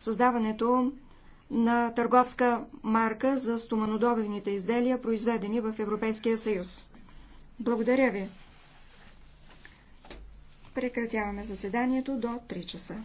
създаването на търговска марка за стоманодобивните изделия, произведени в Европейския съюз. Благодаря ви. Прекратяваме заседанието до 3 часа.